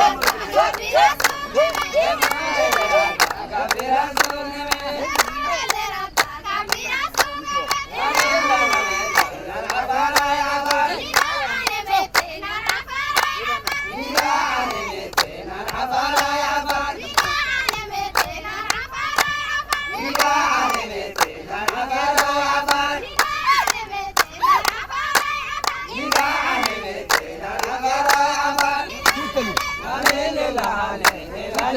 Yes!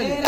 Yeah.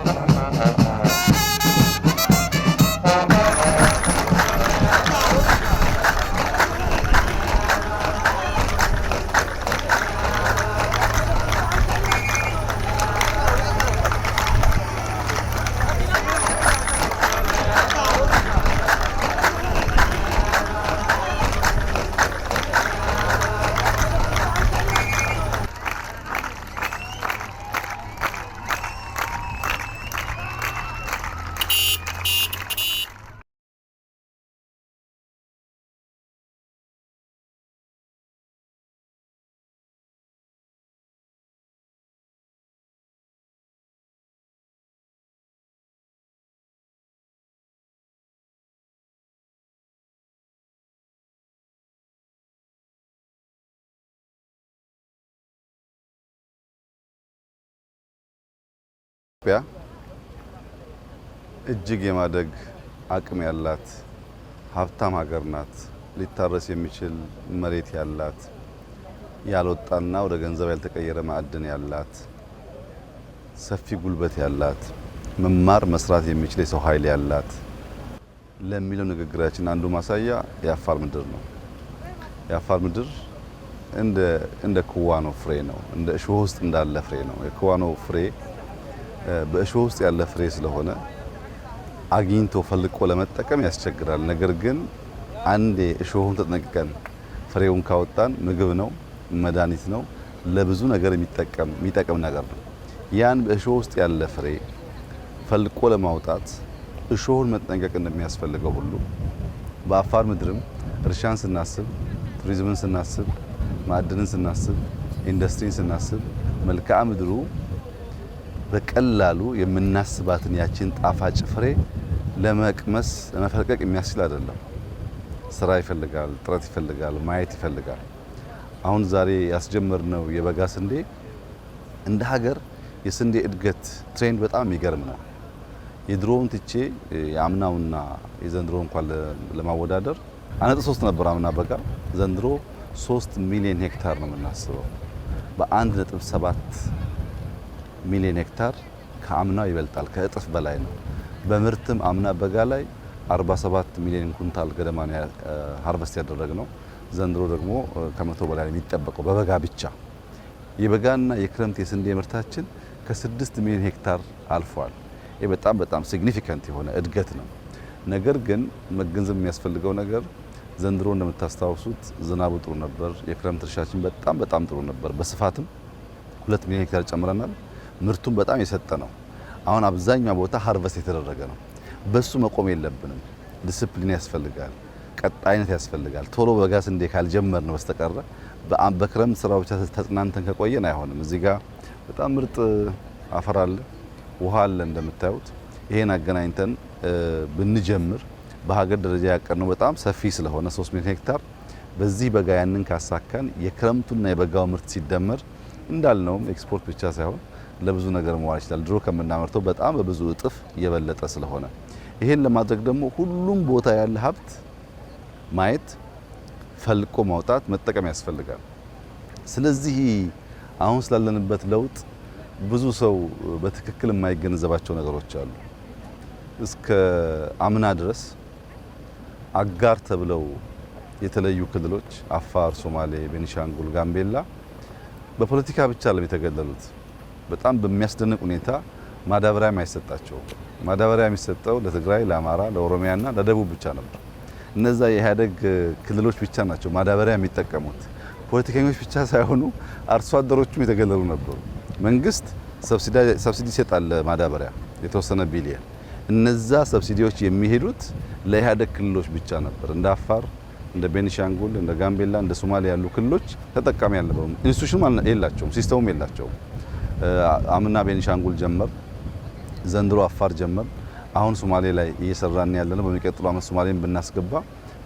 ኢትዮጵያ እጅግ የማደግ አቅም ያላት ሀብታም ሀገር ናት። ሊታረስ የሚችል መሬት ያላት ያልወጣና ወደ ገንዘብ ያልተቀየረ ማዕድን ያላት ሰፊ ጉልበት ያላት መማር መስራት የሚችል የሰው ኃይል ያላት ለሚለው ንግግራችን አንዱ ማሳያ የአፋር ምድር ነው። የአፋር ምድር እንደ እንደ ክዋኖ ፍሬ ነው። እንደ እሾህ ውስጥ እንዳለ ፍሬ ነው። የክዋኖ ፍሬ በእሾህ ውስጥ ያለ ፍሬ ስለሆነ አግኝቶ ፈልቆ ለመጠቀም ያስቸግራል። ነገር ግን አንዴ እሾሁን ተጠንቅቀን ፍሬውን ካወጣን ምግብ ነው፣ መድኃኒት ነው፣ ለብዙ ነገር የሚጠቅም ነገር ነው። ያን በእሾህ ውስጥ ያለ ፍሬ ፈልቆ ለማውጣት እሾሁን መጠንቀቅ እንደሚያስፈልገው ሁሉ በአፋር ምድርም እርሻን ስናስብ፣ ቱሪዝምን ስናስብ፣ ማዕድንን ስናስብ፣ ኢንዱስትሪን ስናስብ መልክዓ ምድሩ በቀላሉ የምናስባትን ያችን ጣፋጭ ፍሬ ለመቅመስ ለመፈልቀቅ የሚያስችል አይደለም። ስራ ይፈልጋል፣ ጥረት ይፈልጋል፣ ማየት ይፈልጋል። አሁን ዛሬ ያስጀመርነው የበጋ ስንዴ እንደ ሀገር የስንዴ እድገት ትሬንድ በጣም የሚገርም ነው። የድሮውን ትቼ የአምናውና የዘንድሮ እንኳን ለማወዳደር አነጥ ሶስት ነበር አምና በጋ፣ ዘንድሮ ሶስት ሚሊዮን ሄክታር ነው የምናስበው በአንድ ነጥብ ሰባት ሚሊዮን ሄክታር ከአምናው ይበልጣል፣ ከእጥፍ በላይ ነው። በምርትም አምና በጋ ላይ 47 ሚሊዮን ኩንታል ገደማ ሀርቨስት ያደረግ ነው። ዘንድሮ ደግሞ ከመቶ በላይ የሚጠበቀው በበጋ ብቻ። የበጋና የክረምት የስንዴ ምርታችን ከ6 ሚሊዮን ሄክታር አልፏል። ይህ በጣም በጣም ሲግኒፊካንት የሆነ እድገት ነው። ነገር ግን መገንዘብ የሚያስፈልገው ነገር ዘንድሮ እንደምታስታውሱት ዝናቡ ጥሩ ነበር። የክረምት እርሻችን በጣም በጣም ጥሩ ነበር። በስፋትም ሁለት ሚሊዮን ሄክታር ጨምረናል። ምርቱን በጣም የሰጠ ነው። አሁን አብዛኛው ቦታ ሀርቨስት የተደረገ ነው። በሱ መቆም የለብንም። ዲስፕሊን ያስፈልጋል፣ ቀጣይነት ያስፈልጋል። ቶሎ በጋ ስንዴ ካልጀመር ነው በስተቀረ በክረምት ስራ ብቻ ተጽናንተን ከቆየን አይሆንም። እዚህ ጋር በጣም ምርጥ አፈር አለ፣ ውሃ አለ እንደምታዩት። ይሄን አገናኝተን ብንጀምር በሀገር ደረጃ ያቀድነው በጣም ሰፊ ስለሆነ 3 ሚሊዮን ሄክታር በዚህ በጋ ያንን ካሳካን የክረምቱና የበጋው ምርት ሲደመር እንዳልነውም ኤክስፖርት ብቻ ሳይሆን ለብዙ ነገር መዋል ይችላል። ድሮ ከምናመርተው በጣም በብዙ እጥፍ የበለጠ ስለሆነ ይሄን ለማድረግ ደግሞ ሁሉም ቦታ ያለ ሀብት ማየት፣ ፈልቆ ማውጣት፣ መጠቀም ያስፈልጋል። ስለዚህ አሁን ስላለንበት ለውጥ ብዙ ሰው በትክክል የማይገነዘባቸው ነገሮች አሉ። እስከ አምና ድረስ አጋር ተብለው የተለዩ ክልሎች አፋር፣ ሶማሌ፣ ቤኒሻንጉል፣ ጋምቤላ በፖለቲካ ብቻ ለም የተገለሉት በጣም በሚያስደንቅ ሁኔታ ማዳበሪያም አይሰጣቸው። ማዳበሪያ የሚሰጠው ለትግራይ፣ ለአማራ፣ ለኦሮሚያና ለደቡብ ብቻ ነበር። እነዛ የኢህአዴግ ክልሎች ብቻ ናቸው ማዳበሪያ የሚጠቀሙት። ፖለቲከኞች ብቻ ሳይሆኑ አርሶ አደሮቹም የተገለሉ ነበሩ። መንግስት ሰብሲዲ ይሰጣል ማዳበሪያ የተወሰነ ቢሊየን። እነዛ ሰብሲዲዎች የሚሄዱት ለኢህአዴግ ክልሎች ብቻ ነበር። እንደ አፋር፣ እንደ ቤኒሻንጉል፣ እንደ ጋምቤላ፣ እንደ ሶማሊያ ያሉ ክልሎች ተጠቃሚ አልነበሩም። ኢንስቲቱሽንም የላቸውም፣ ሲስተሙም የላቸውም። አምና ቤኒሻንጉል ጀመር፣ ዘንድሮ አፋር ጀመር፣ አሁን ሶማሌ ላይ እየሰራን ያለ ነው። በሚቀጥሉ አመት ሶማሌን ብናስገባ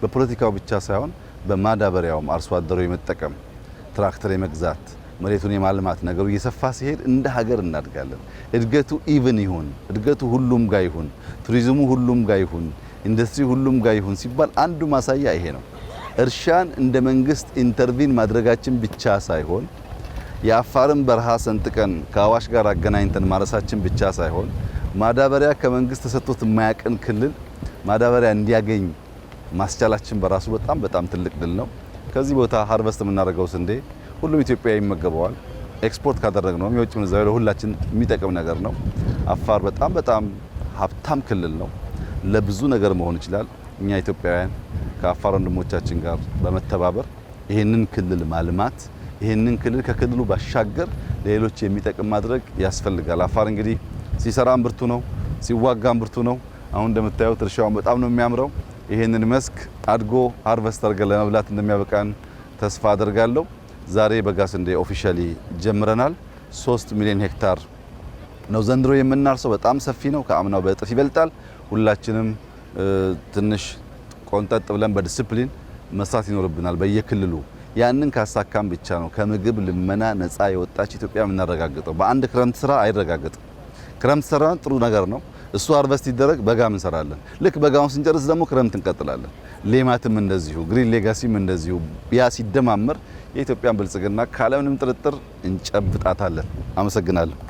በፖለቲካው ብቻ ሳይሆን በማዳበሪያውም አርሶ አደሩ የመጠቀም ትራክተር የመግዛት መሬቱን የማልማት ነገሩ እየሰፋ ሲሄድ እንደ ሀገር እናድጋለን። እድገቱ ኢቭን ይሁን እድገቱ ሁሉም ጋር ይሁን፣ ቱሪዝሙ ሁሉም ጋር ይሁን፣ ኢንዱስትሪ ሁሉም ጋር ይሁን ሲባል አንዱ ማሳያ ይሄ ነው። እርሻን እንደ መንግስት ኢንተርቪን ማድረጋችን ብቻ ሳይሆን የአፋርን በረሃ ሰንጥቀን ከአዋሽ ጋር አገናኝተን ማረሳችን ብቻ ሳይሆን ማዳበሪያ ከመንግስት ተሰጥቶት የማያቅን ክልል ማዳበሪያ እንዲያገኝ ማስቻላችን በራሱ በጣም በጣም ትልቅ ድል ነው። ከዚህ ቦታ ሀርቨስት የምናደርገው ስንዴ ሁሉም ኢትዮጵያ ይመገበዋል። ኤክስፖርት ነው የውጭ ምንዛሬ ለሁላችን የሚጠቅም ነገር ነው። አፋር በጣም በጣም ሀብታም ክልል ነው። ለብዙ ነገር መሆን ይችላል። እኛ ኢትዮጵያውያን ከአፋር ወንድሞቻችን ጋር በመተባበር ይህንን ክልል ማልማት ይህንን ክልል ከክልሉ ባሻገር ለሌሎች የሚጠቅም ማድረግ ያስፈልጋል። አፋር እንግዲህ ሲሰራ ብርቱ ነው፣ ሲዋጋ ብርቱ ነው። አሁን እንደምታዩት እርሻውን በጣም ነው የሚያምረው። ይህንን መስክ አድጎ ሃርቨስት አድርገን ለመብላት እንደሚያበቃን ተስፋ አደርጋለሁ። ዛሬ በጋ ስንዴ ኦፊሻሊ ጀምረናል። ሶስት ሚሊዮን ሄክታር ነው ዘንድሮ የምናርሰው። በጣም ሰፊ ነው፣ ከአምናው በእጥፍ ይበልጣል። ሁላችንም ትንሽ ቆንጠጥ ብለን በዲስፕሊን መስራት ይኖርብናል በየክልሉ ያንን ካሳካም ብቻ ነው ከምግብ ልመና ነፃ የወጣች ኢትዮጵያ የምናረጋግጠው። በአንድ ክረምት ስራ አይረጋገጥም ክረምት ስራ ጥሩ ነገር ነው። እሱ አርቨስት ይደረግ፣ በጋም እንሰራለን። ልክ በጋውን ስንጨርስ ደግሞ ክረምት እንቀጥላለን። ሌማትም እንደዚሁ፣ ግሪን ሌጋሲም እንደዚሁ። ያ ሲደማመር የኢትዮጵያን ብልጽግና ካለምንም ጥርጥር እንጨብጣታለን። አመሰግናለሁ።